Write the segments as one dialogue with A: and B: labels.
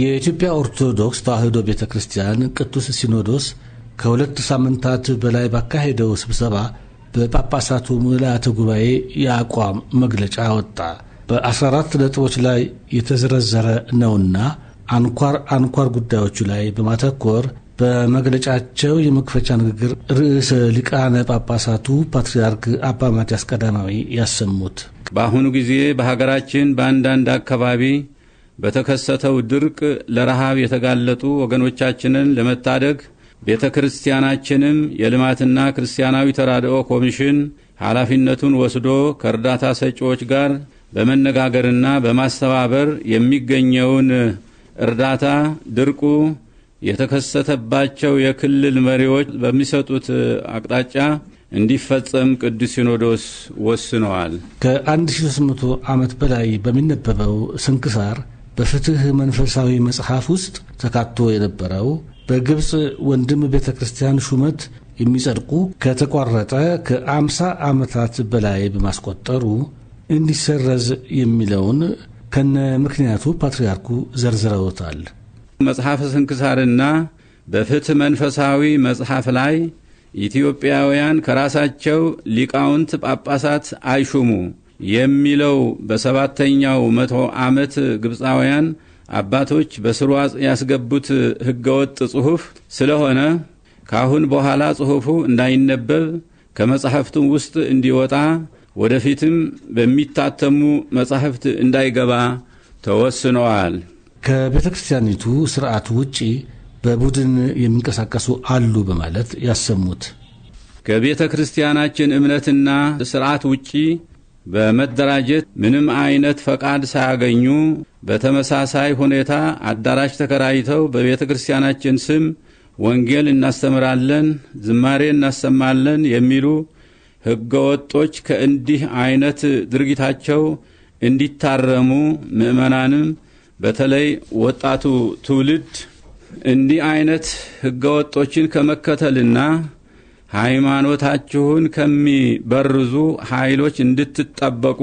A: የኢትዮጵያ ኦርቶዶክስ ተዋሕዶ ቤተ ክርስቲያን ቅዱስ ሲኖዶስ ከሁለት ሳምንታት በላይ ባካሄደው ስብሰባ በጳጳሳቱ ምልአተ ጉባኤ የአቋም መግለጫ ወጣ። በ14 ነጥቦች ላይ የተዘረዘረ ነውና አንኳር አንኳር ጉዳዮቹ ላይ በማተኮር በመግለጫቸው የመክፈቻ ንግግር ርዕሰ ሊቃነ ጳጳሳቱ ፓትርያርክ አባ ማትያስ ቀዳማዊ ያሰሙት
B: በአሁኑ ጊዜ በሀገራችን በአንዳንድ አካባቢ በተከሰተው ድርቅ ለረሃብ የተጋለጡ ወገኖቻችንን ለመታደግ ቤተ ክርስቲያናችንም የልማትና ክርስቲያናዊ ተራድኦ ኮሚሽን ኃላፊነቱን ወስዶ ከእርዳታ ሰጪዎች ጋር በመነጋገርና በማስተባበር የሚገኘውን እርዳታ ድርቁ የተከሰተባቸው የክልል መሪዎች በሚሰጡት አቅጣጫ እንዲፈጸም ቅዱስ ሲኖዶስ ወስነዋል።
A: ከ1800 ዓመት በላይ በሚነበበው ስንክሳር በፍትህ መንፈሳዊ መጽሐፍ ውስጥ ተካቶ የነበረው በግብፅ ወንድም ቤተ ክርስቲያን ሹመት የሚጸድቁ ከተቋረጠ ከአምሳ ዓመታት በላይ በማስቆጠሩ እንዲሰረዝ የሚለውን ከነ ምክንያቱ ፓትርያርኩ ዘርዝረውታል።
B: መጽሐፈ ስንክሳርና በፍትህ መንፈሳዊ መጽሐፍ ላይ ኢትዮጵያውያን ከራሳቸው ሊቃውንት ጳጳሳት አይሹሙ የሚለው በሰባተኛው መቶ ዓመት ግብፃውያን አባቶች በስሯ ያስገቡት ህገወጥ ጽሑፍ ስለሆነ ካሁን በኋላ ጽሑፉ እንዳይነበብ ከመጻሕፍቱም ውስጥ እንዲወጣ ወደፊትም በሚታተሙ መጻሕፍት እንዳይገባ ተወስነዋል።
A: ከቤተ ክርስቲያኒቱ ስርዓት ውጪ በቡድን የሚንቀሳቀሱ አሉ በማለት ያሰሙት
B: ከቤተ ክርስቲያናችን እምነትና ስርዓት ውጪ በመደራጀት ምንም አይነት ፈቃድ ሳያገኙ በተመሳሳይ ሁኔታ አዳራሽ ተከራይተው በቤተ ክርስቲያናችን ስም ወንጌል እናስተምራለን፣ ዝማሬ እናሰማለን የሚሉ ሕገ ወጦች ከእንዲህ አይነት ድርጊታቸው እንዲታረሙ ምእመናንም በተለይ ወጣቱ ትውልድ እንዲህ አይነት ሕገ ወጦችን ከመከተልና ሃይማኖታችሁን ከሚበርዙ ኃይሎች እንድትጠበቁ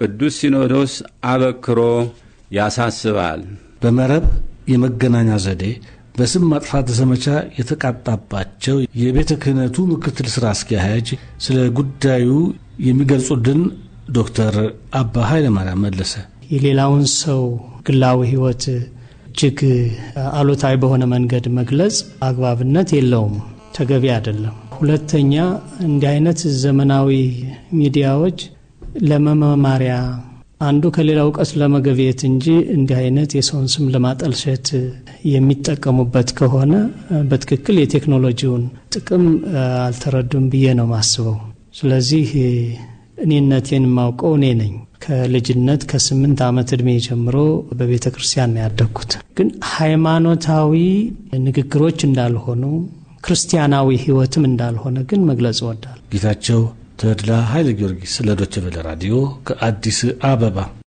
B: ቅዱስ ሲኖዶስ አበክሮ ያሳስባል። በመረብ
A: የመገናኛ ዘዴ በስም ማጥፋት ዘመቻ የተቃጣባቸው የቤተ ክህነቱ ምክትል ስራ አስኪያጅ ስለ ጉዳዩ የሚገልጹልን ዶክተር አባ ኃይለማርያም መለሰ
C: የሌላውን ሰው ግላዊ ህይወት እጅግ አሉታዊ በሆነ መንገድ መግለጽ አግባብነት የለውም። ተገቢ አይደለም። ሁለተኛ እንዲህ አይነት ዘመናዊ ሚዲያዎች ለመመማሪያ አንዱ ከሌላ እውቀት ለመገብየት እንጂ እንዲህ አይነት የሰውን ስም ለማጠልሸት የሚጠቀሙበት ከሆነ በትክክል የቴክኖሎጂውን ጥቅም አልተረዱም ብዬ ነው ማስበው። ስለዚህ እኔነቴን የማውቀው እኔ ነኝ። ከልጅነት ከስምንት ዓመት ዕድሜ ጀምሮ በቤተ ክርስቲያን ነው ያደግኩት። ግን ሃይማኖታዊ ንግግሮች እንዳልሆኑ ክርስቲያናዊ ህይወትም እንዳልሆነ ግን መግለጽ እወዳል።
A: ጌታቸው ተድላ ኃይለ ጊዮርጊስ ለዶይቼ ራዲዮ
C: ከአዲስ አበባ